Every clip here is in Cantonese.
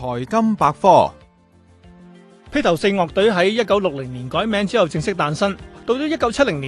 財金百科，披頭四樂隊喺1960年改名之後正式誕生，到咗1970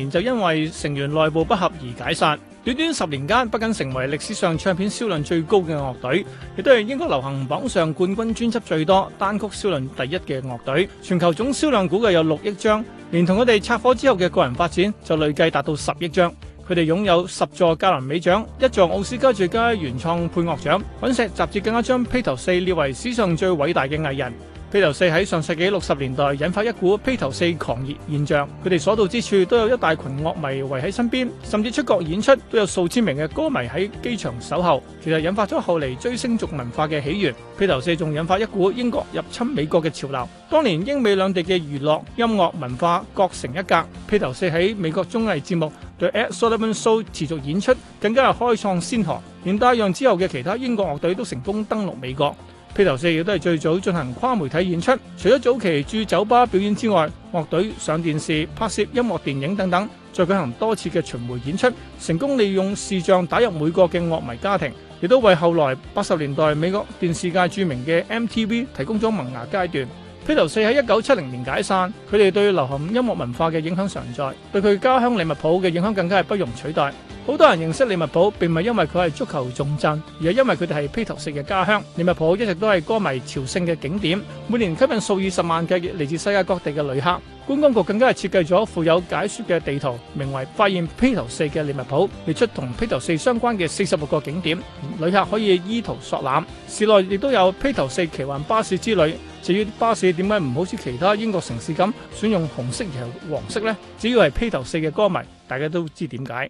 佢哋擁有十座格林美獎，一座奧斯卡最佳原創配樂獎。《滾石》雜誌更加將披頭四列為史上最偉大嘅藝人。披頭四喺上世紀六十年代引發一股披頭四狂熱現象，佢哋所到之處都有一大群樂迷圍喺身邊，甚至出國演出都有數千名嘅歌迷喺機場守候，其實引發咗後嚟追星族文化嘅起源。披頭四仲引發一股英國入侵美國嘅潮流。當年英美兩地嘅娛樂音樂文化各成一格。披頭四喺美國綜藝節目在 Ed Sullivan Show 持續演出，更加係開創先河，連帶令之後嘅其他英國樂隊都成功登陸美國。披頭四亦都係最早進行跨媒體演出，除咗早期駐酒吧表演之外，樂隊上電視拍攝音樂電影等等，再舉行多次嘅巡迴演出，成功利用視像打入美國嘅樂迷家庭，亦都為後來八十年代美國電視界著名嘅 MTV 提供咗萌芽階段。披頭四喺一九七零年解散，佢哋對流行音樂文化嘅影響常在，對佢家鄉利物浦嘅影響更加係不容取代。好多人認識利物浦，並唔係因為佢係足球重鎮，而係因為佢哋係披頭四嘅家鄉。利物浦一直都係歌迷朝聖嘅景點，每年吸引數以十萬嘅嚟自世界各地嘅旅客。觀光局更加係設計咗富有解說嘅地圖，名為《發現披頭四嘅利物浦》，列出同披頭四相關嘅四十六個景點，旅客可以依圖索覽。市內亦都有披頭四奇幻巴士之旅。至於巴士點解唔好似其他英國城市咁選用紅色而係黃色呢？只要係披頭四嘅歌迷，大家都知點解。